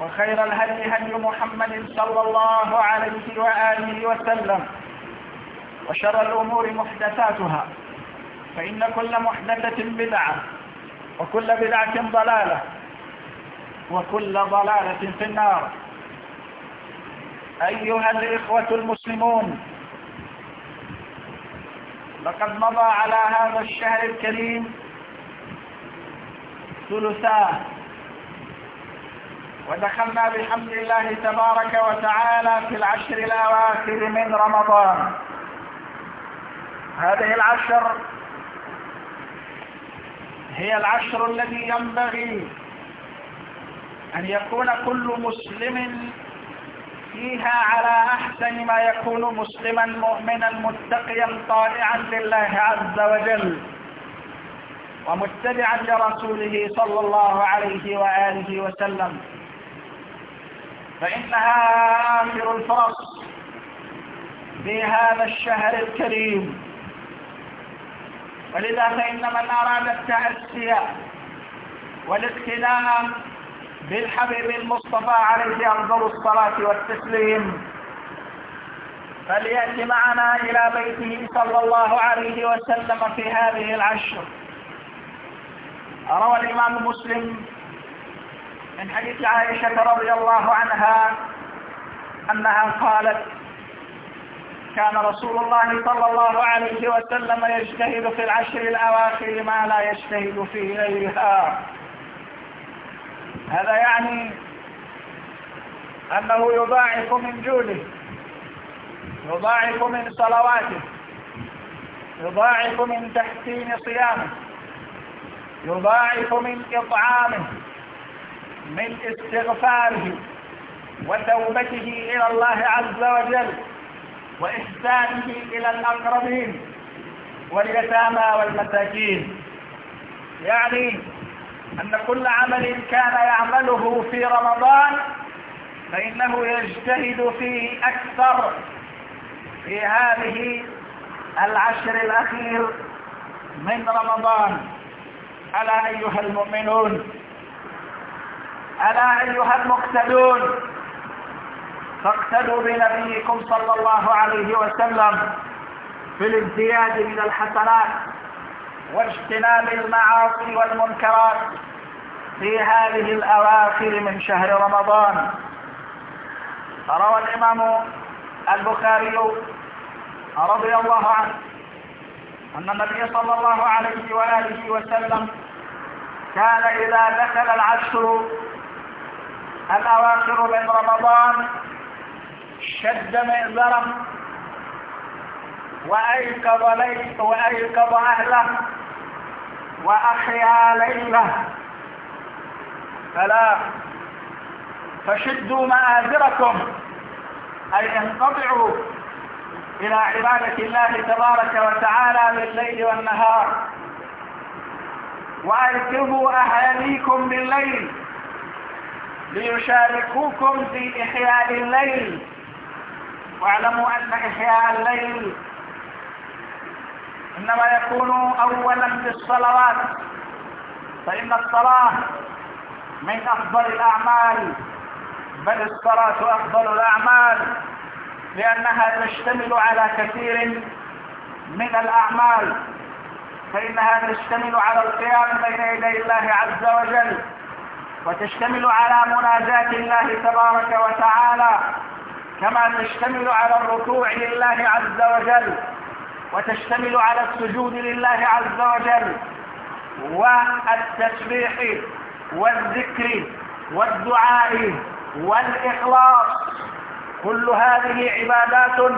وخير الهدي هدي محمد صلى الله عليه وآله وسلم وشر الأمور محدثاتها فإن كل محدثة بدعة وكل بدعة ضلالة وكل ضلالة في النار أيها الإخوة المسلمون لقد مضى على هذا الشهر الكريم ثلثاه ودخلنا بحمد الله تبارك وتعالى في العشر الأواخر من رمضان هذه العشر هي العشر الذي ينبغي أن يكون كل مسلم فيها على أحسن ما يكون مسلما مؤمنا متقيا طائعا لله عز وجل ومتبعا لرسوله صلى الله عليه وآله وسلم فإنها آخر الفرص في هذا الشهر الكريم ولذا فإن من أراد التأسي والاقتداء بالحبيب المصطفى عليه أفضل الصلاة والتسليم فليأتي معنا إلى بيته صلى الله عليه وسلم في هذه العشر روى الإمام مسلم من حديث عائشة رضي الله عنها أنها قالت كان رسول الله صلى الله عليه وسلم يجتهد في العشر الأواخر ما لا يجتهد في غيرها هذا يعني أنه يضاعف من جوده يضاعف من صلواته يضاعف من تحسين صيامه يضاعف من إطعامه من استغفاره وتوبته إلى الله عز وجل وإحسانه إلى الأقربين واليتامى والمساكين يعني أن كل عمل كان يعمله في رمضان فإنه يجتهد فيه أكثر في هذه العشر الأخير من رمضان ألا أيها المؤمنون ألا أيها المقتدون فاقتدوا بنبيكم صلى الله عليه وسلم في الازدياد من الحسنات واجتناب المعاصي والمنكرات في هذه الأواخر من شهر رمضان روى الإمام البخاري رضي الله عنه أن النبي صلى الله عليه وآله وسلم كان إذا دخل العشر الأواخر من رمضان شد مئزره وأيقظ, ليله وأيقظ أهله وأحيا ليله فلا فشدوا مآزركم أي انقطعوا إلى عبادة الله تبارك وتعالى بالليل والنهار وأيقظوا أهاليكم بالليل ليشاركوكم في إحياء الليل واعلموا أن إحياء الليل إنما يكون أولا في الصلوات فإن الصلاة من أفضل الأعمال بل الصلاة أفضل الأعمال لأنها تشتمل على كثير من الأعمال فإنها تشتمل على القيام بين يدي الله عز وجل وتشتمل على مناجاة الله تبارك وتعالى كما تشتمل على الركوع لله عز وجل وتشتمل على السجود لله عز وجل والتسبيح والذكر والدعاء والإخلاص كل هذه عبادات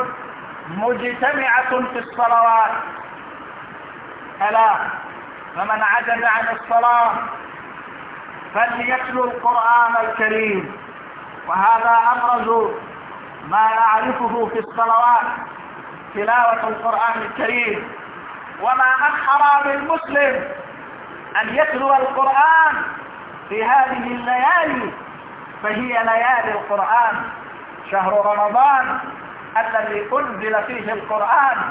مجتمعة في الصلوات ألا فمن عجز عن الصلاة فليتلوا القرآن الكريم وهذا أبرز ما نعرفه في الصلوات تلاوة القرآن الكريم وما أخر من مسلم أن يتلو القرآن في هذه الليالي فهي ليالي القرآن شهر رمضان الذي أنزل فيه القرآن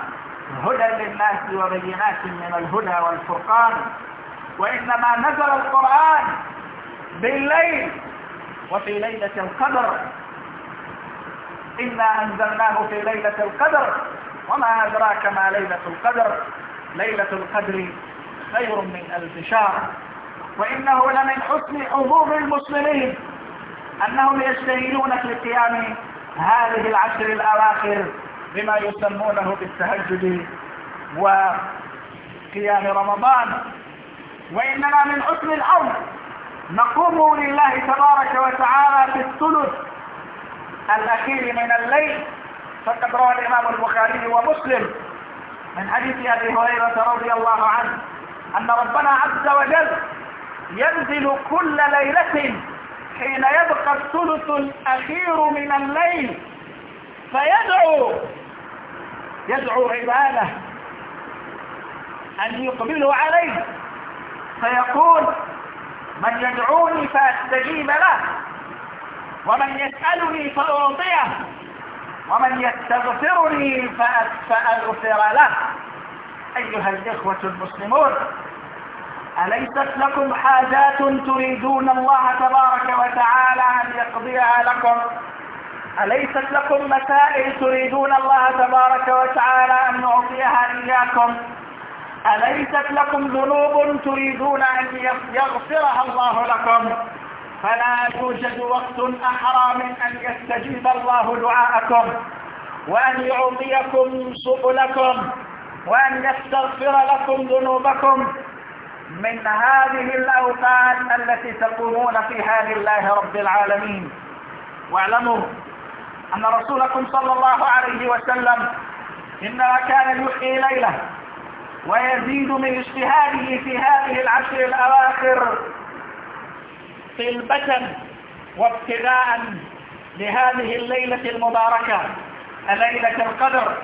هدى للناس وبينات من الهدى والفرقان وإنما نزل القرآن بالليل وفي ليلة القدر إنا أنزلناه في ليلة القدر وما أدراك ما ليلة القدر ليلة القدر خير من ألف شهر وإنه لمن حسن حظوظ المسلمين أنهم يجتهدون في قيام هذه العشر الأواخر بما يسمونه بالتهجد وقيام رمضان وإننا من حسن الأمر نقوم لله تبارك وتعالى في الثلث الأخير من الليل فقد روى الإمام البخاري ومسلم من حديث أبي هريرة رضي الله عنه أن ربنا عز وجل ينزل كل ليلة حين يبقى الثلث الأخير من الليل فيدعو يدعو عباده أن يقبلوا عليه فيقول من يدعوني فأستجيب له ومن يسألني فأعطيه ومن يستغفرني فأغفر له أيها الإخوة المسلمون أليست لكم حاجات تريدون الله تبارك وتعالى أن يقضيها لكم أليست لكم مسائل تريدون الله تبارك وتعالى أن يعطيها إياكم أليست لكم ذنوب تريدون أن يغفرها الله لكم فلا يوجد وقت أحرى من أن يستجيب الله دعاءكم وأن يعطيكم سبلكم وأن يستغفر لكم ذنوبكم من هذه الأوقات التي تقومون فيها لله رب العالمين واعلموا أن رسولكم صلى الله عليه وسلم إنما كان يحيي ليله ويزيد من اجتهاده في هذه العشر الأواخر طلبة وابتداء لهذه الليلة المباركة ليلة القدر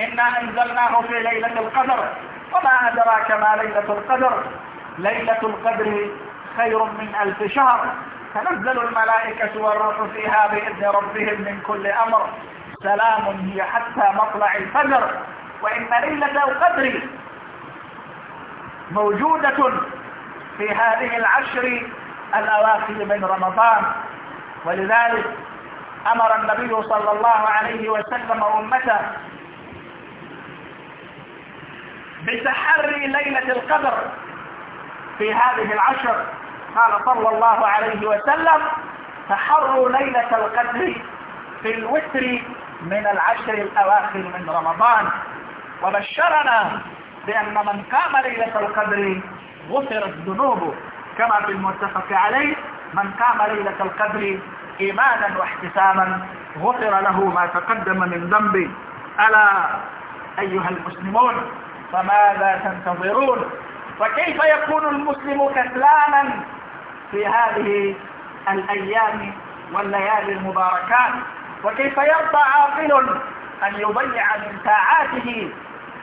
إنا أنزلناه في ليلة القدر وما أدراك ما ليلة القدر ليلة القدر خير من ألف شهر تنزل الملائكة والروح فيها بإذن ربهم من كل أمر سلام هي حتى مطلع الفجر وإن ليلة القدر موجودة في هذه العشر الأواخر من رمضان ولذلك أمر النبي صلى الله عليه وسلم أمته بتحري ليلة القدر في هذه العشر قال صلى الله عليه وسلم تحروا ليلة القدر في الوتر من العشر الأواخر من رمضان وبشرنا بأن من قام ليلة القدر غفرت ذنوبه كما في المتفق عليه من قام ليلة القدر إيمانا واحتساما غفر له ما تقدم من ذنبه ألا أيها المسلمون فماذا تنتظرون وكيف يكون المسلم كسلانا في هذه الأيام والليالي المباركات وكيف يرضى عاقل أن يضيع من ساعاته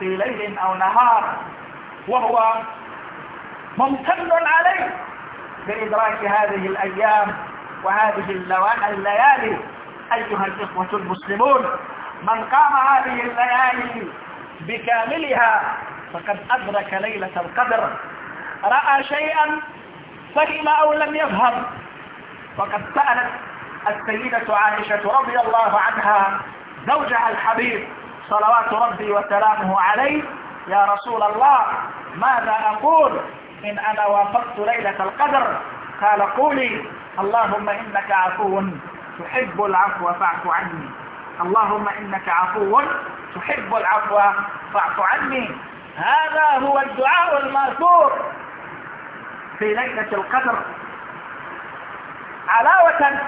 في ليل أو نهار وهو ممتن عليه بإدراك هذه الأيام وهذه الليالي أيها الإخوة المسلمون من قام هذه الليالي بكاملها فقد أدرك ليلة القدر رأى شيئا فهم أو لم يفهم وقد سألت السيدة عائشة رضي الله عنها زوجها الحبيب صلوات ربي وسلامه عليه يا رسول الله ماذا أقول إن أنا وافقت ليلة القدر قال قولي اللهم إنك عفو تحب العفو فاعف عني اللهم إنك عفو تحب العفو فاعف عني هذا هو الدعاء المأثور في ليلة القدر علاوة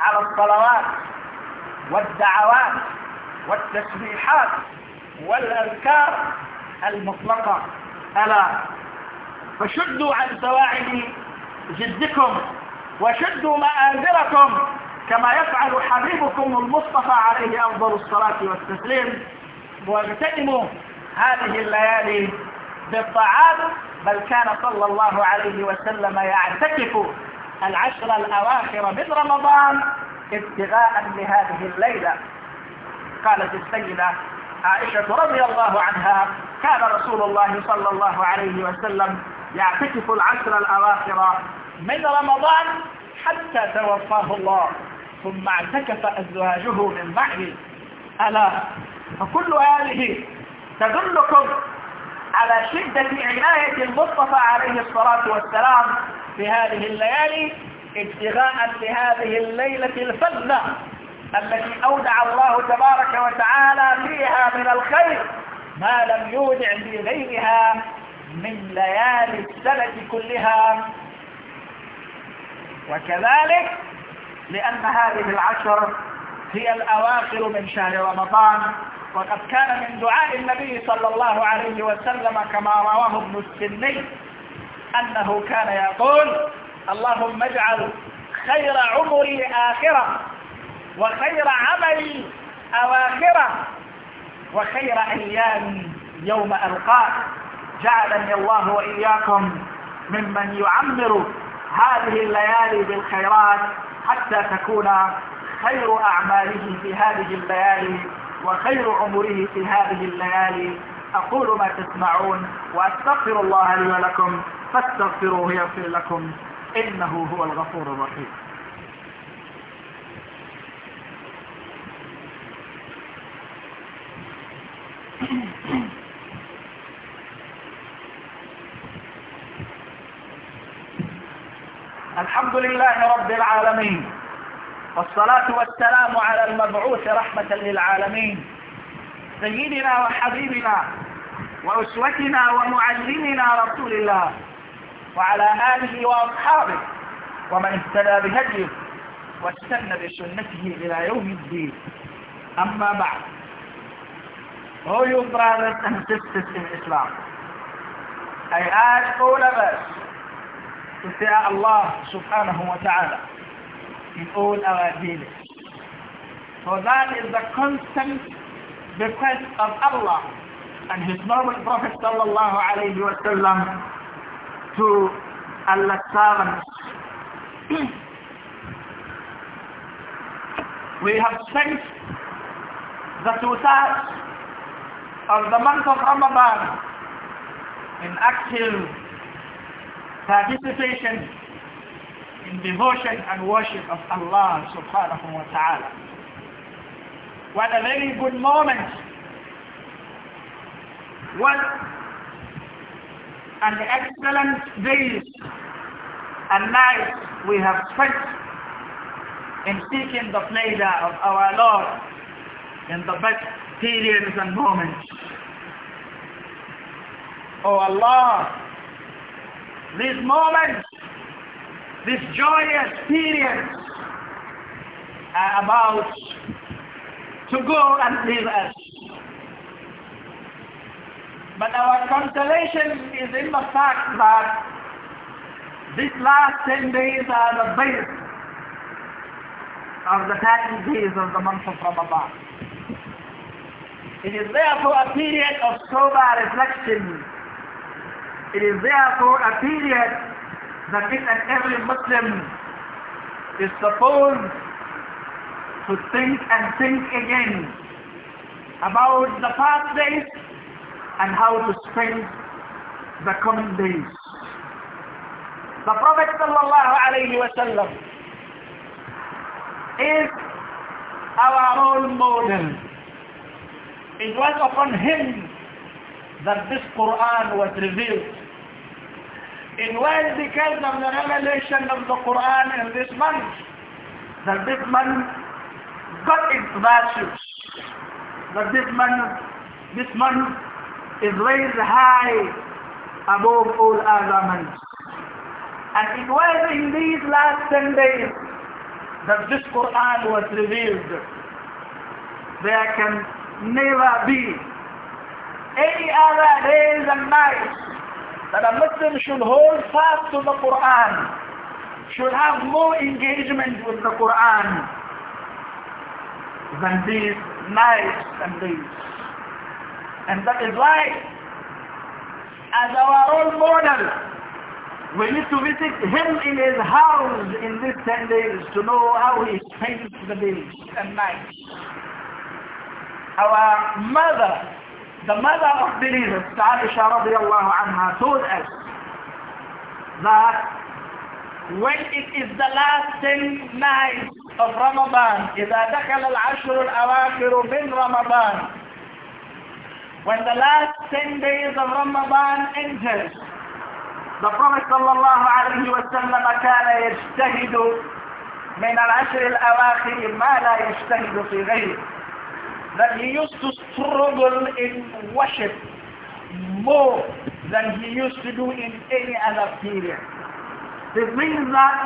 على الصلوات والدعوات والتسبيحات والأذكار المطلقة ألا فشدوا عن سواعد جدكم وشدوا مآذركم كما يفعل حبيبكم المصطفى عليه أفضل الصلاة والتسليم واغتنموا هذه الليالي بالطعام بل كان صلى الله عليه وسلم يعتكف العشر الأواخر من رمضان ابتغاء لهذه الليلة قالت السيدة عائشة رضي الله عنها كان رسول الله صلى الله عليه وسلم يعتكف العشر الأواخر من رمضان حتى توفاه الله ثم اعتكف أزواجه من بعده ألا فكل هذه تدلكم على شدة عناية المصطفى عليه الصلاة والسلام في هذه الليالي ابتغاء لهذه الليلة الفذة التي أودع الله تبارك وتعالى فيها من الخير ما لم يودع في غيرها من ليالي السنة كلها وكذلك لأن هذه العشر هي الأواخر من شهر رمضان وقد كان من دعاء النبي صلى الله عليه وسلم كما رواه ابن السني أنه كان يقول اللهم اجعل خير عمري آخرة وخير عمل أواخره وخير أيام يوم ألقاه جعلني الله وإياكم ممن يعمر هذه الليالي بالخيرات حتى تكون خير أعماله في هذه الليالي وخير عمره في هذه الليالي أقول ما تسمعون وأستغفر الله لي ولكم فاستغفروه يغفر لكم إنه هو الغفور الرحيم الحمد لله رب العالمين والصلاة والسلام على المبعوث رحمة للعالمين سيدنا وحبيبنا وأسوتنا ومعلمنا رسول الله وعلى آله وأصحابه ومن اهتدى بهديه واستنى بسنته إلى يوم الدين أما بعد Oh, you brothers and sisters in Islam, I ask all of us to fear Allah subhanahu wa ta'ala in all our deeds. For that is the constant request of Allah and His noble Prophet sallallahu alayhi wa to Allah's servants. we have sent the two-thirds of the month of Ramadan in active participation in devotion and worship of Allah subhanahu wa ta'ala. What a very good moment. What an excellent days and nights we have spent in seeking the pleasure of our Lord in the best periods and moments oh Allah, this moment, this joyous period are about to go and leave us. But our consolation is in the fact that these last 10 days are the best of the ten days of the month of Ramadan. It is therefore a period of sober reflection it is therefore a period that each and every Muslim is supposed to think and think again about the past days and how to spend the coming days. The Prophet ﷺ is our role model. It was upon him that this Quran was revealed. In when because of the revelation of the Quran in this month, that this month got its virtues, that this month, this month is raised high above all other months. And it was in these last 10 days that this Quran was revealed. There can never be any other days and nights that a Muslim should hold fast to the Quran, should have more engagement with the Quran than these nights and days. And that is why, as our role model, we need to visit him in his house in these 10 days to know how he spends the days and nights. Our mother فماذا أخبرينك عائشة رضي الله عنها told us that when it is the last 10 nights of Ramadan إذا دخل العشر الأواخر من رمضان when the last 10 days of Ramadan enters the Prophet صلى الله عليه وسلم كان يجتهد من العشر الأواخر ما لا يجتهد في غيره that he used to struggle in worship more than he used to do in any other period. This means that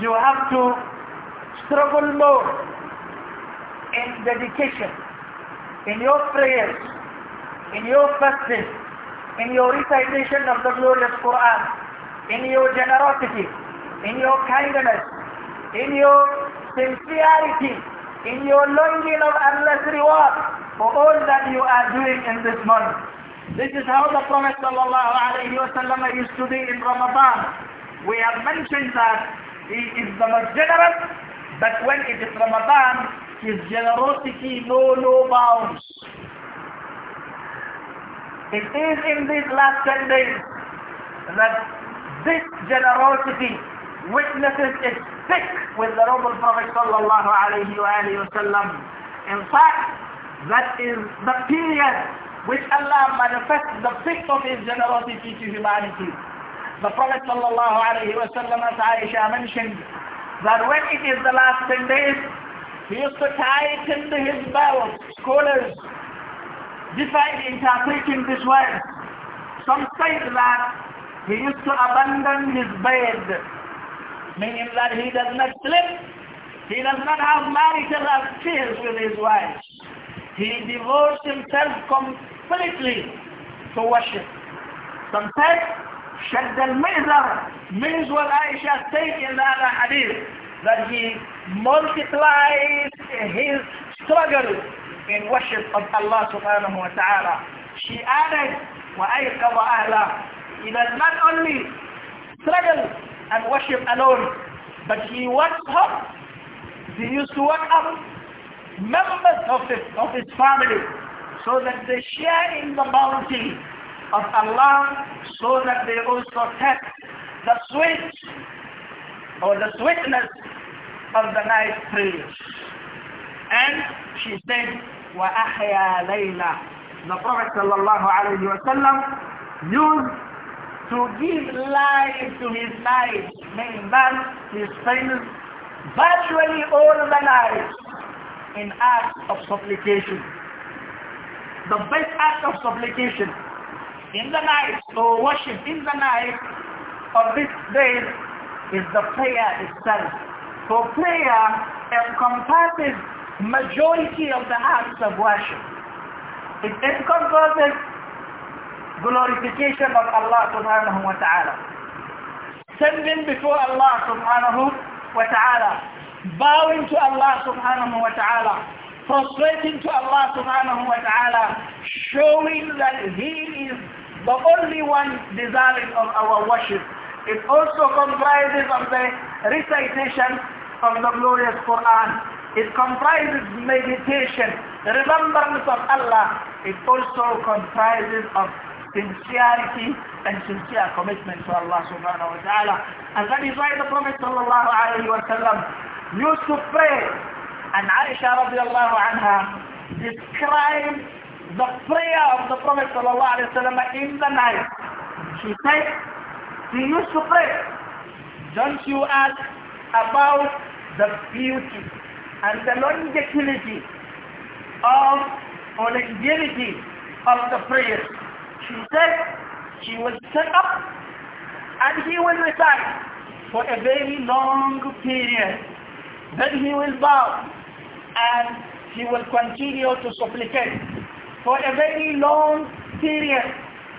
you have to struggle more in dedication, in your prayers, in your fasting, in your recitation of the glorious Quran, in your generosity, in your kindness, in your sincerity in your longing of endless reward for all that you are doing in this month. This is how the Prophet ﷺ used to be in Ramadan. We have mentioned that he is the most generous, but when it is Ramadan, his generosity knows no bounds. It is in these last 10 days that this generosity witnesses is thick with the noble Prophet sallallahu alayhi wa sallam. In fact, that is the period which Allah manifests the peak of His generosity to humanity. The Prophet sallallahu alayhi wa sallam, as Aisha mentioned, that when it is the last 10 days, he used to tighten to his belt. Scholars differ interpreting this word. Some say that he used to abandon his bed meaning that he does not sleep, he does not have marital affairs with his wife. He devotes himself completely to worship. Sometimes, شد المئزر means what Aisha said in the other hadith, that he multiplies his struggle in worship of Allah subhanahu wa ta'ala. She added, wa أَهْلَهُ He does not only struggle and worship alone. But he worked up. He used to work up members of his, of his family so that they share in the bounty of Allah so that they also taste the sweet or the sweetness of the night prayers. And she said, وَأَحْيَا لَيْلًا The Prophet sallallahu alayhi wa used to give life to his life. Meaning man his famous virtually all the life in act of supplication. The best act of supplication in the night or worship in the night of this day is the prayer itself. For prayer encompasses majority of the acts of worship. It encompasses glorification of Allah subhanahu wa ta'ala. Standing before Allah subhanahu wa ta'ala, bowing to Allah subhanahu wa ta'ala, prostrating to Allah subhanahu wa ta'ala, showing that He is the only one deserving of our worship. It also comprises of the recitation of the glorious Quran. It comprises meditation, remembrance of Allah. It also comprises of sincerity and sincere commitment to Allah subhanahu wa ta'ala. And that is why the Prophet sallallahu alayhi wa sallam used to pray and Aisha radiallahu anha described the prayer of the Prophet sallallahu alayhi wa sallam in the night. She said, he used to pray. Don't you ask about the beauty and the longevity of or longevity of the prayer said, he will sit up and he will recite for a very long period. Then he will bow and he will continue to supplicate for a very long period,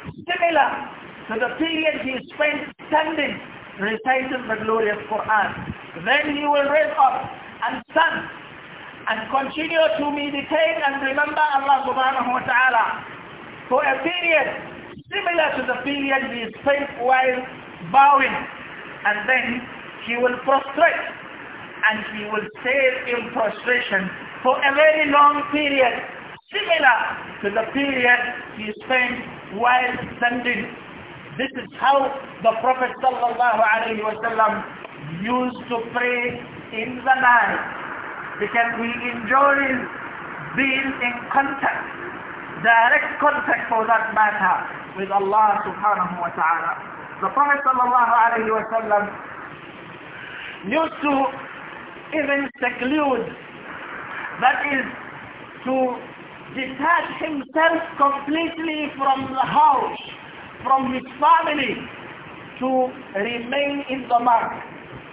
similar to the period he spent standing reciting the glorious Quran. Then he will raise up and stand and continue to meditate and remember Allah subhanahu wa ta'ala for a period similar to the period he spent while bowing and then he will prostrate and he will stay in prostration for a very long period similar to the period he spent while standing. This is how the Prophet ﷺ used to pray in the night because he enjoys being in contact direct contact for that matter with Allah subhanahu wa ta'ala. The Prophet sallallahu alayhi wa sallam used to even seclude, that is to detach himself completely from the house, from his family, to remain in the mark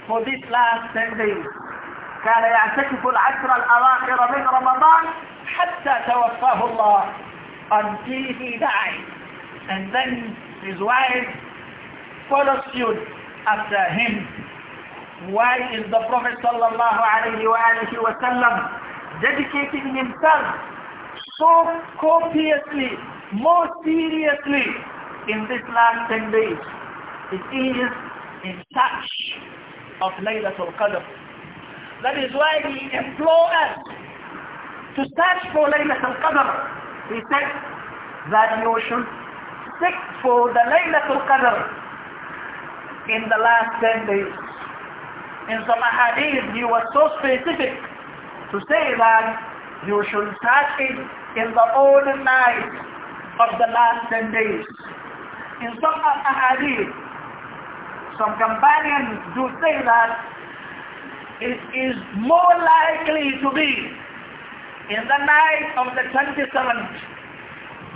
for these last 10 days. كان يعتكف العشر الأواخر من رمضان حتى توفاه الله until he died. And then his wife followed suit after him. Why is the Prophet sallallahu dedicating himself so copiously, more seriously in this last 10 days? It is in touch of Laylatul Qadr. That is why he implores us to search for Laylatul Qadr he said that you should seek for the Laylatul Qadr in the last 10 days. In some hadith, he was so specific to say that you should start it in the old night of the last 10 days. In some hadith, some companions do say that it is more likely to be in the night of the 27th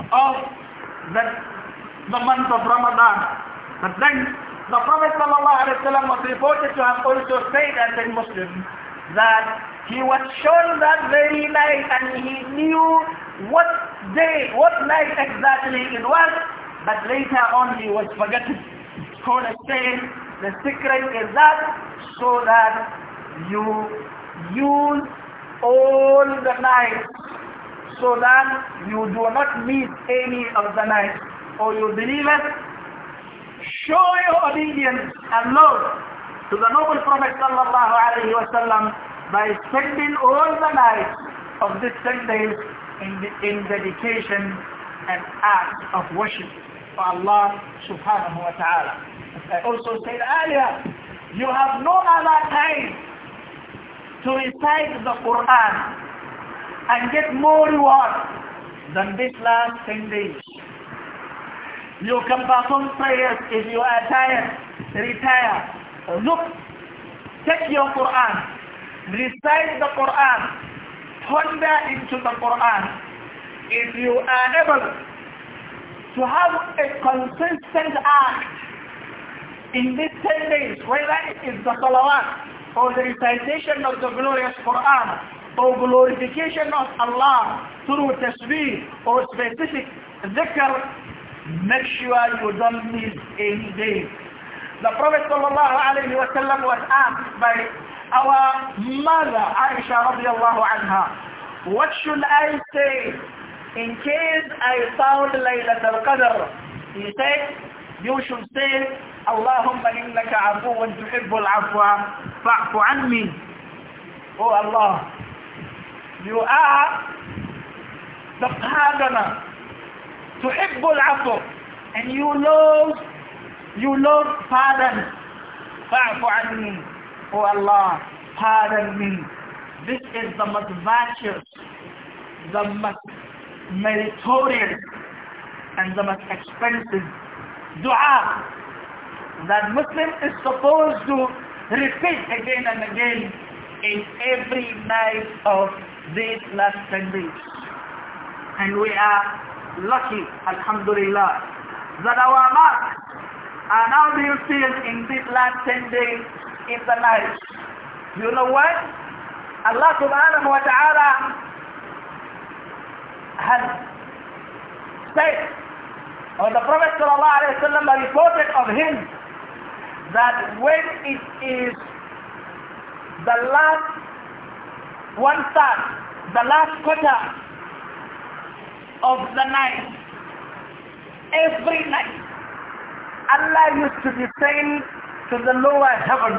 of the, the month of Ramadan. But then the Prophet ﷺ was reported to have also said as a Muslim that he was shown that very night and he knew what day, what night exactly it was, but later on he was forgotten. Scholars say the secret is that so that you use all the night so that you do not miss any of the night. Or oh, you believers, show your obedience and love to the noble Prophet sallallahu alaihi wasallam by spending all the night of this 10 days in, the, in dedication and act of worship for Allah subhanahu wa ta'ala. As I also said earlier, you have no other time to recite the Quran and get more reward than this last 10 days. You can perform prayers if you are tired, retire. Look, take your Quran, recite the Quran, ponder into the Quran. If you are able to have a consistent act in these 10 days, whether it is the salawat, or the recitation of the glorious Quran, or glorification of Allah through tasbih or specific dhikr, make sure you don't miss any day. The Prophet sallallahu wasallam was asked by our mother Aisha radiallahu anha, what should I say in case I found al Qadr? He said, you should say, Allahumma innaka afuwan tuhibbul afwa fa'fu anni. Oh Allah, you are the pardoner. Tuhibbul afwa. And you love, you love pardon. Fa'fu anni. Oh Allah, pardon me. This is the most virtuous, the most meritorious, and the most expensive dua that Muslim is supposed to repeat again and again in every night of these last 10 days. And we are lucky, Alhamdulillah, that our masks are now being filled in these last 10 days in the night. You know what? Allah subhanahu wa ta'ala has said or the Prophet ﷺ reported of him that when it is the last one third, the last quarter of the night, every night, Allah used to descend to the lower heaven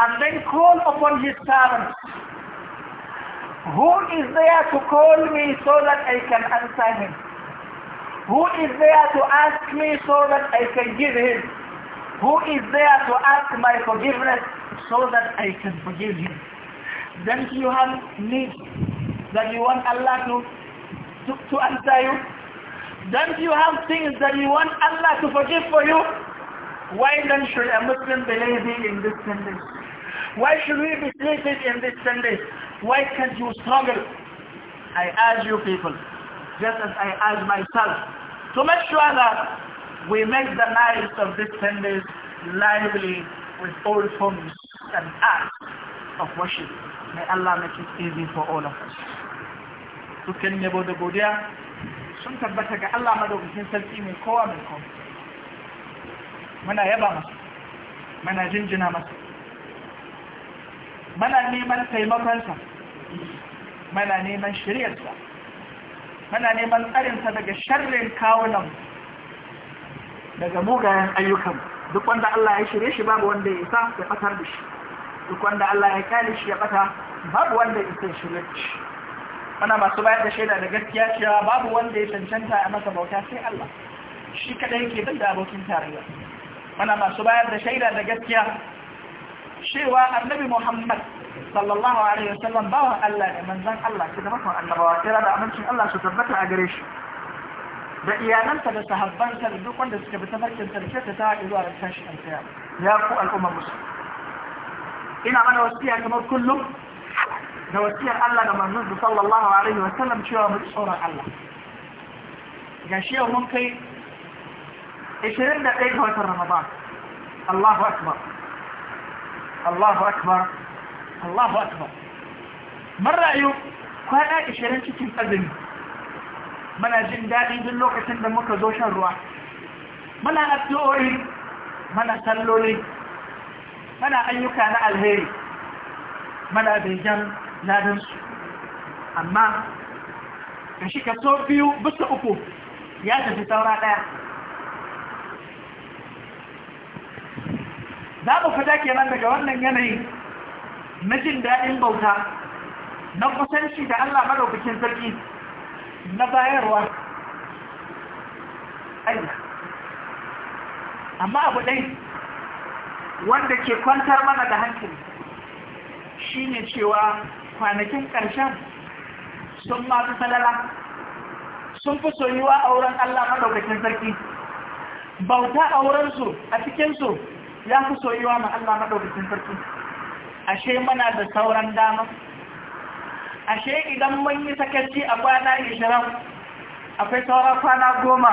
and then call upon his servants. Who is there to call me so that I can answer him? Who is there to ask me so that I can give him? Who is there to ask my forgiveness so that I can forgive him? Don't you have needs that you want Allah to, to, to answer you? Don't you have things that you want Allah to forgive for you? Why then should a Muslim be lazy in this sentence? Why should we be sleeping in this sentence? Why can't you struggle? I urge you people, just as I ask myself to make sure that we make the lives of these 10 days lively with all forms and acts of worship. May Allah make it easy for all of us. Dukkan yabo da godiya sunta tabbata ga Allah madaukakin sarki mai kowa mai kowa. Muna Mana masa, muna jinjina masa, muna neman taimakonsa, muna neman shiryarsa. Mana neman tsarinsa daga sharrin kawunan daga mugayen ayyukan duk wanda Allah ya shirye shi babu wanda ya isa ya batar da shi duk wanda Allah ya kyale shi ya fata babu wanda ya isa shirye shi ana masu bayar da shaida da gaskiya cewa babu wanda ya cancanta a masa bauta sai Allah shi kadai yake bin da abokin tarayya ana masu bayar da shaida da gaskiya cewa annabi Muhammad صلى الله عليه وسلم بوا ألا من ذن الله كده ما أن رواتيرا بقى منشن الله ستبت عجريش بقيا ننسى بسهبان سردوك وندس كبتفرق انترسية تتاع إلوى رسانش انتيا يا أخو الأمة مسلم إنا أنا وسيا كلهم دا وسيا الله لما نزل صلى الله عليه وسلم شوى مدسورة الله جاشية ممكن إشرين دقيقة وقت رمضان الله أكبر الله أكبر Allahu akbar mun rayu kwana 20 cikin azumi muna jin daɗi duk lokacin da muka zo shan ruwa muna addu'o'i muna salloli muna ayyuka na alheri muna ladan su. amma ka shi so biyu bisa uku ya tafi saura ɗaya za mu fita kenan daga wannan yanayin. na jin daɗin bauta na kusanci da Allah maɗaukacin sarki na bayarwa Allah amma abu ɗai wanda ke kwantar mana da hankali shi ne cewa kwanakin ƙarshen sun masu salala sun fi soyuwa a wurin Allah maɗaukacin sarki bauta a wurinsu a cikinsu ya fi soyuwa ma Allah maɗaukakin sarki ashe muna da sauran dama ashe idan mun yi sakaci a kwana ishirin akwai sauran kwana goma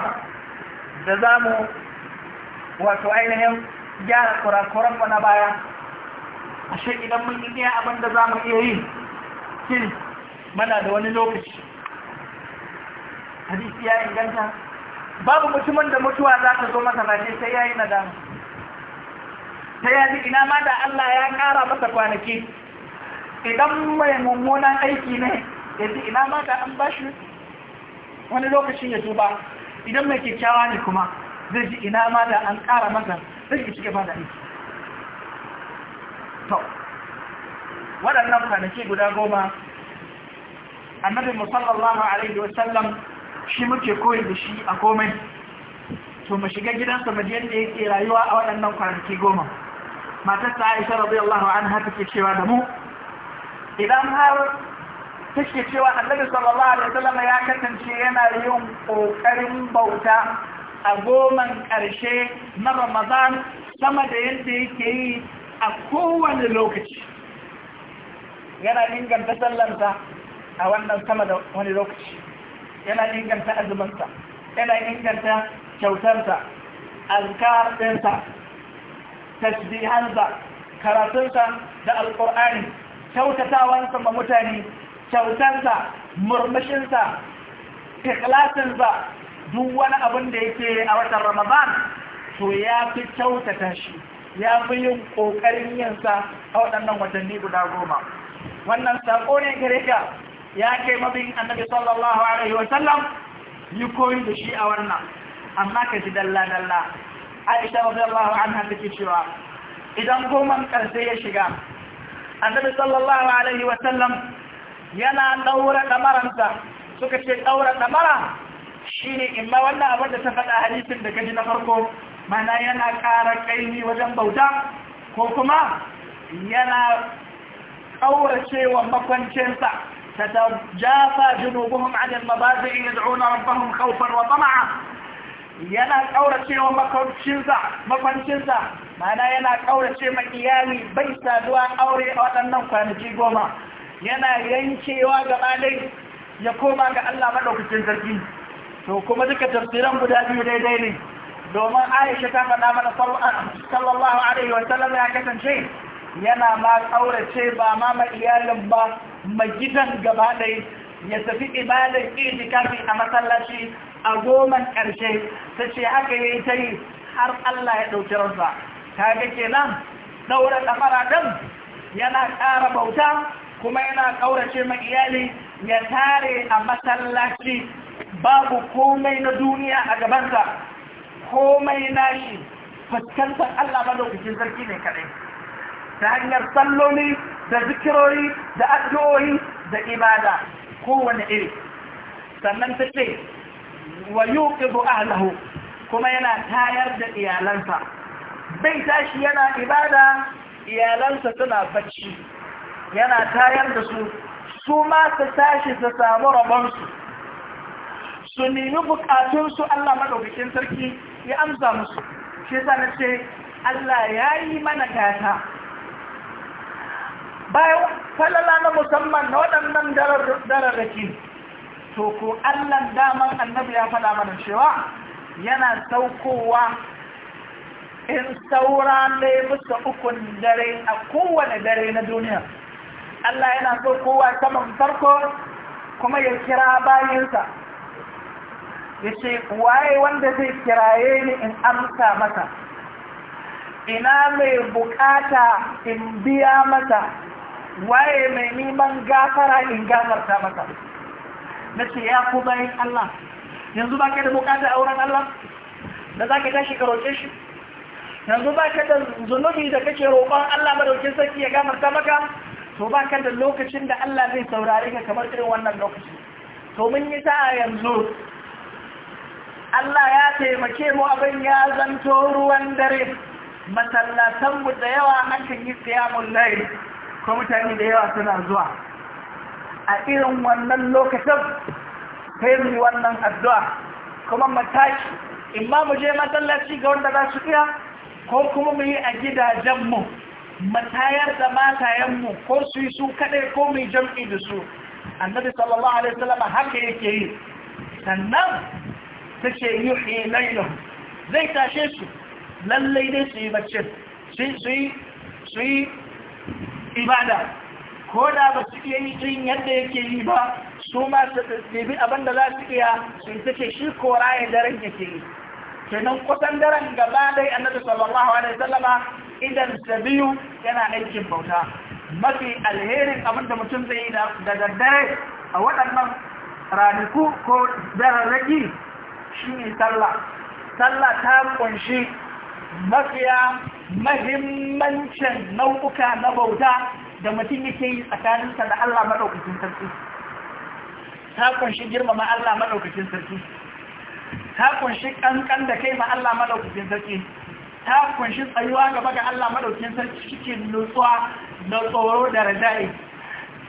da za mu wato ainihin gyara kurakuran mu na baya ashe idan mun yi ne abin da za mu iya yi shin muna da wani lokaci hadisi ya inganta babu mutumin da mutuwa za ka zo masa sai ya yi nadama ta yaji ina ma da Allah ya ƙara masa kwanaki idan mai mummunan aiki ne ya ji ina ma da an bashi wani lokacin ya tuba idan mai kyakkyawa ne kuma zai ji ina ma da an ƙara masa zai ji cike ba da aiki to waɗannan kwanaki guda goma annabi musallallahu alaihi wasallam shi muke koyi da shi a komai to mu shiga gidansa mu yadda yake rayuwa a waɗannan kwanaki goma matar ta aisha radiyallahu anha take cewa da mu idan har take cewa annabi sallallahu alaihi wasallam ya kasance yana yin kokarin bauta a goman karshe na ramadan sama da yadda yake yi a kowane lokaci yana inganta sallarsa a wannan sama da wani lokaci yana inganta azumansa yana inganta kyautarsa azkar ɗinsa tasbihansa karatunsa da alƙur'ani kyautatawansa ma mutane kyautansa murmushinsa ikhlasinsa duk wani abin da yake a watan ramadan to ya fi kyautata shi ya fi yin ƙoƙarin yinsa a waɗannan watanni guda goma wannan saƙo ne gare ka ya kai mabin annabi sallallahu alaihi wa sallam yi koyi da shi a wannan amma ka ji dalla-dalla aisha radiyallahu anha take cewa idan goman karshe ya shiga annabi sallallahu alaihi wa sallam yana daura damaransa suka ce daura damara shine imma wannan abin da ta faɗa hadisin da kaji na farko mana yana ƙara kaimi wajen bauta ko kuma yana ƙauracewa makwancinsa ba zai iya المضاجع يدعون ربهم خوفا وطمعا yana kaurace wa makwancinsa makwancinsa mana yana ƙaurace ma iyali bai saduwa aure a waɗannan kwanaki goma yana yankewa gaba ya koma ga Allah maɗaukacin sarki to kuma duka tafsiran guda biyu daidai ne domin Aisha ta faɗa mana sallallahu alaihi wa sallam ya kasance yana ma ƙaurace ba ma ma iyalin ba ma gidan gaba ɗai ya tafi ibadar itikafi a masallaci a goman ƙarshe ta ce haka ya yi ta yi har Allah ya ɗauki ransa ta ga ke nan ɗaura ɗamara ɗin yana ƙara bauta kuma yana ƙaurace ma iyali ya tare a masallaci babu komai na duniya a gabansa komai na shi fuskantar Allah lokacin sarki ne kaɗai ta hanyar salloli da zikirori da addu'o'i da ibada kowane iri sannan ta ce wa yuqidu Alahu kuma yana tayar da iyalansa bai tashi yana ibada iyalansa suna bacci yana tayar da su su ma su tashi su samu rabonsu su nemi bukatunsu Allah maɗaukakin sarki ya amsa musu shi na ce Allah ya yi mana gata bayan falala na musamman na waɗannan dararraki to ko Allah daman annabi ya faɗa mana cewa yana saukowa in saura ne masa ukun dare a kowane dare na duniya Allah yana saukowa saman farko kuma ya kira bayinsa ya ce waye wanda zai kiraye ni in amsa masa ina mai bukata in biya masa waye mai neman gafara in gafarta masa na ce ya ko bayan Allah yanzu ba ka da bukatar auren Allah da za ka tashi ka roƙe shi yanzu ba ka da zunubi da kake roƙon Allah roƙe sarki ya ta maka to ba ka da lokacin da Allah zai saurare ka kamar irin wannan lokaci to mun yi sa'a yanzu Allah ya taimake mu abin ya zanto ruwan dare masallatanmu da yawa hankali yi siyamun ko mutane da yawa suna zuwa a irin wannan lokacin sai mu wannan addu'a kuma mataki. imma mu je masallaci ga wanda za su iya ko kuma mu yi a gidajenmu matayar da matayenmu ko su yi su kaɗai ko mu yi jam'i da su annabi sallallahu alaihi wasallam haka yake yi sannan ta ce yi hilailu zai tashe su lallai dai su yi baccin su yi ibada ko da ba su iya yi irin yadda yake yi ba su ma su tsibi abin da za su iya sun take shi ko daren yake yi kenan kusan daren gaba dai annabi sallallahu alaihi wasallama idan sabiyu biyu yana aikin bauta mafi alherin abin da mutum zai yi da daddare a waɗannan ranaku ko dararraki shi ne sallah sallah ta ƙunshi mafiya mahimmancin nau'uka na bauta da mutum yake yi tsakaninsa da Allah maɗaukacin sarki ta kunshi girmama Allah maɗaukacin sarki ta kunshi ƙanƙan da kai ma Allah maɗaukacin sarki ta kunshi tsayuwa gaba ga Allah maɗaukacin sarki cikin nutsuwa da tsoro da rajayi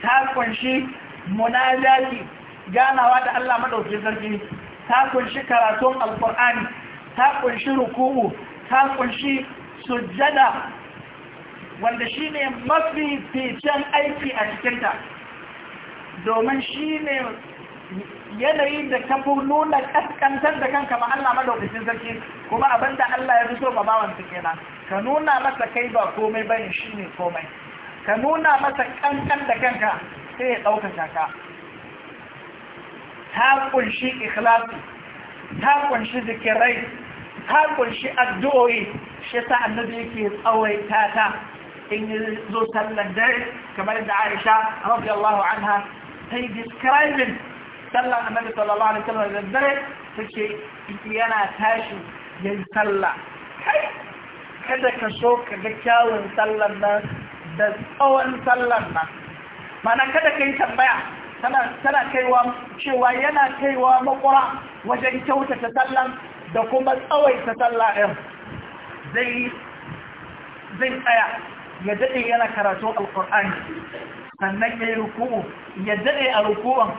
ta kunshi munajati ganawa da Allah maɗaukacin sarki ta kunshi karatun alƙur'ani ta kunshi ruku'u ta kunshi sujjada wanda shi ne mafi ficen aiki a cikinta domin shi ne yanayin da ka fi nuna kaskantar da kanka ma Allah madaukakin sarki kuma abinda Allah ya fi so ma bawansa kenan ka nuna masa kai ba komai bane shi ne komai ka nuna masa kankan da kanka sai ya ɗaukaka shaka ta kunshi ikhlasi ta kunshi zikirai ta kunshi addu'o'i shi sa annabi yake tsawaita ta in zo sallar dare kamar da Aisha radiyallahu anha ta yi describing sallan annabi sallallahu alaihi wasallam da dare take yana tashi yin sallah kai kada ka so ka ga kyawun sallar nan da tsawon sallar nan mana kada ka yi tambaya tana kaiwa cewa yana kaiwa makura wajen kyautata sallar da kuma tsawaita sallah ɗin zai tsaya ya daɗe yana karatu alƙur'ani sannan ya yi ruku'u ya daɗe a ruku'un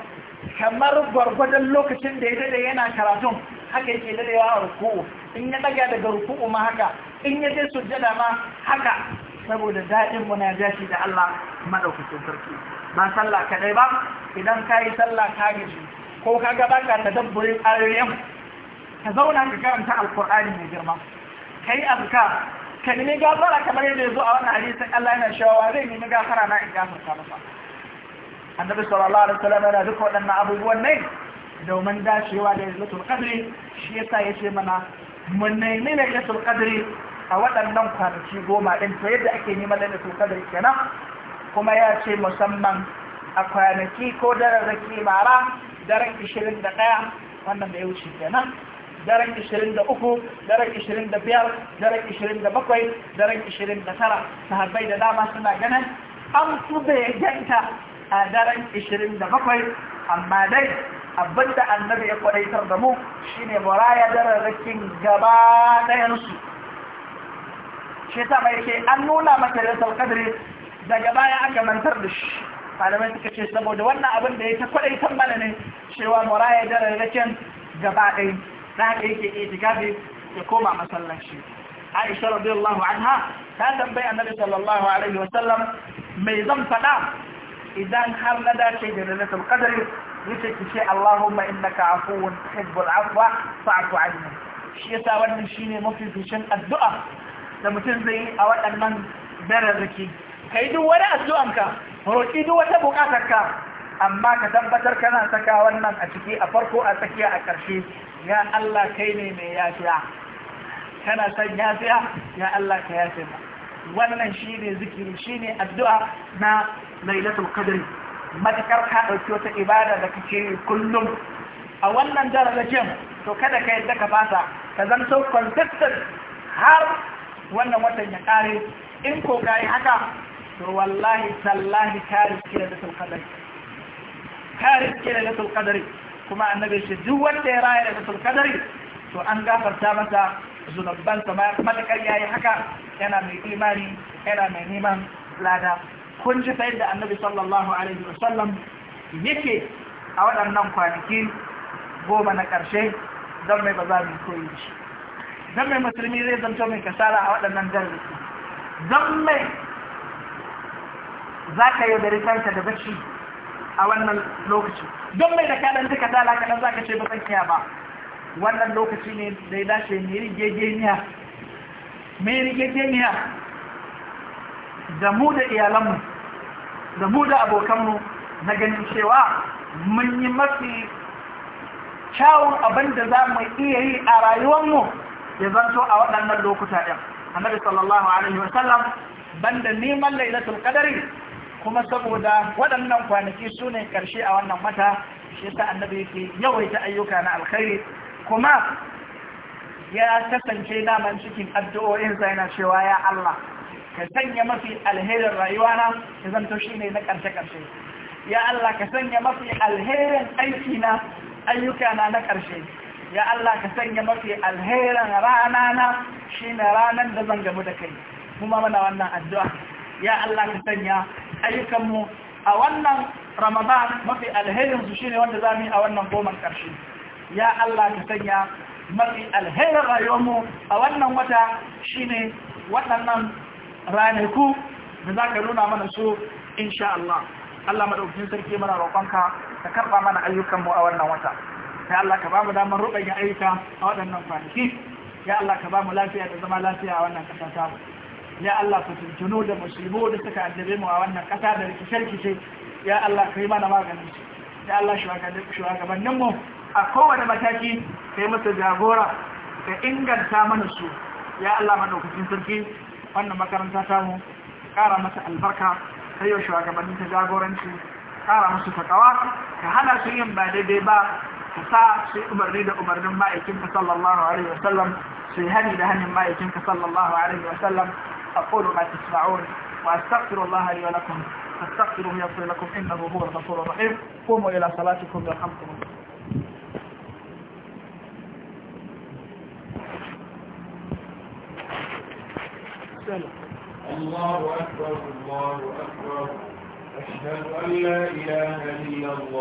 kamar gwargwadon lokacin da ya daɗe yana karatun haka yake daɗewa a ruku'u in ya ɗaga daga ruku'u ma haka in ya je sujjada ma haka saboda daɗin munajashi da Allah maɗaukacin sarki ba sallah kaɗai ba idan ka yi sallah ka gaji ko ka gaba ka tadabburin ayoyin ka zauna ka karanta alkur'ani mai girma ka yi azkar ka nemi gafara kamar yadda ya zo a wannan Allah yana shawa zai nemi gafara na in gafarta masa annabi sallallahu alaihi wasallam yana duka waɗannan abubuwan ne domin dacewa da lailatul qadri shi yasa yace mana mun nemi lailatul qadri a waɗannan kwanaki goma ɗin to yadda ake neman lailatul qadri kenan kuma ya ce musamman a kwanaki ko dararraki mara daren 21 wannan da ya wuce kenan daren 23 daren 25 daren 27 daren 29 sahabbai da dama suna ganin an tube ganta a daren 27 amma dai abinda annabi ya kwadaitar da mu shine muraya dararrakin gaba ɗayansu shi ta mai ke an nuna maka da saukadari daga baya aka mantar da shi malamai suka ce saboda wannan abin da ya ta kwadaitar mana ne cewa muraya dararrakin gaba ɗayansu da haka yake itikafi ya koma masallaci Aisha radiyallahu anha ta tambayi Annabi sallallahu alaihi wa sallam mai zan fada idan har na dace da lailatul qadri yace ki ce Allahumma innaka afuwun tuhibbul afwa fa'fu anni shi yasa wannan shine mafi ficin addu'a da mutum zai yi a waɗannan dararraki kai duk wani addu'anka roƙi duk wata buƙatarka amma ka tabbatar kana saka wannan a ciki a farko a tsakiya a ƙarshe ya Allah kai ne mai yafiya kana san yafiya ya Allah ka yafe ba wannan shine zikiri shine addu'a na lailatul qadr matakar ka ɗauki wata ibada da kake kullum a wannan darajar to kada ka yadda ka fasa ka zanto consistent har wannan watan ya kare in ko kai haka to wallahi tallahi ka riske da lailatul kadari ka riske da lailatul kuma annabi shi duk wanda ya raya da sul kadari to an gafarta masa ma matakar yayi haka yana mai imani yana mai neman lada kun ji ta da annabi sallallahu alaihi wasallam yake a waɗannan kwanaki goma na ƙarshe don mai ba za mu koyi shi don mai musulmi zai zanto mai kasara a waɗannan darasi don mai za ka yi da rikanka da bacci a wannan lokaci don mai da kaɗan duka dala kaɗan za ka ce ba tsakiya ba wannan lokaci ne da ya dace mai rigegeniya mai niya da mu da iyalanmu da mu da abokanmu na ganin cewa mun yi mafi kyawun abin da za mu iya yi a rayuwarmu ya zanto a waɗannan lokuta ɗin annabi sallallahu alaihi wasallam banda neman lailatul qadari kuma saboda waɗannan kwanaki su ne ƙarshe a wannan mata, shi ta annabi yake yawaita ayyuka na alkhairi kuma ya kasance daman cikin addu'o'insa yana cewa ya Allah ka sanya mafi alherin rayuwana ya zanto shi ne na ƙarshe-ƙarshe ya Allah ka sanya mafi alherin aikina ayyuka na na ƙarshe ya Allah ka sanya mafi alherin ranana shi ne ranar da zan gamu da kai kuma mana wannan addu'a ya Allah ka sanya ayyukanmu a wannan ramadan mafi alherinsu shi ne wanda za yi a wannan goman ƙarshe ya Allah ka sanya mafi alherin rayuwarmu a wannan wata shi ne waɗannan ranaku da za ka nuna mana su insha Allah Allah maɗaukacin sarki mana roƙonka ka karɓa mana ayyukanmu a wannan wata ya Allah ka ba mu damar ruɓanya ayyuka a waɗannan kwanaki ya Allah ka ba mu lafiya da zama lafiya a wannan ƙasar tamu ya Allah ka tuntuno da musulmo da suka addabe mu a wannan ƙasa da rikice-rikice ya Allah ka yi mana maganin su ya Allah shugabannin mu a kowane mataki ka yi musu jagora ka inganta mana su ya Allah madaukakin sarki wannan makaranta samu ƙara masa albarka ka yi shugabannin ta jagoranci ƙara musu takawa ka hana su yin ba daidai ba ka sa su umarni da umarnin ma'aikinka sallallahu alaihi wasallam su yi hani da hannun ma'aikinka sallallahu alaihi wasallam أقول ما تسمعون وأستغفر الله لي ولكم فاستغفروه يغفر لكم إنه هو الغفور الرحيم قوموا إلى صلاتكم يرحمكم الله الله أكبر الله أكبر أشهد أن لا إله إلا الله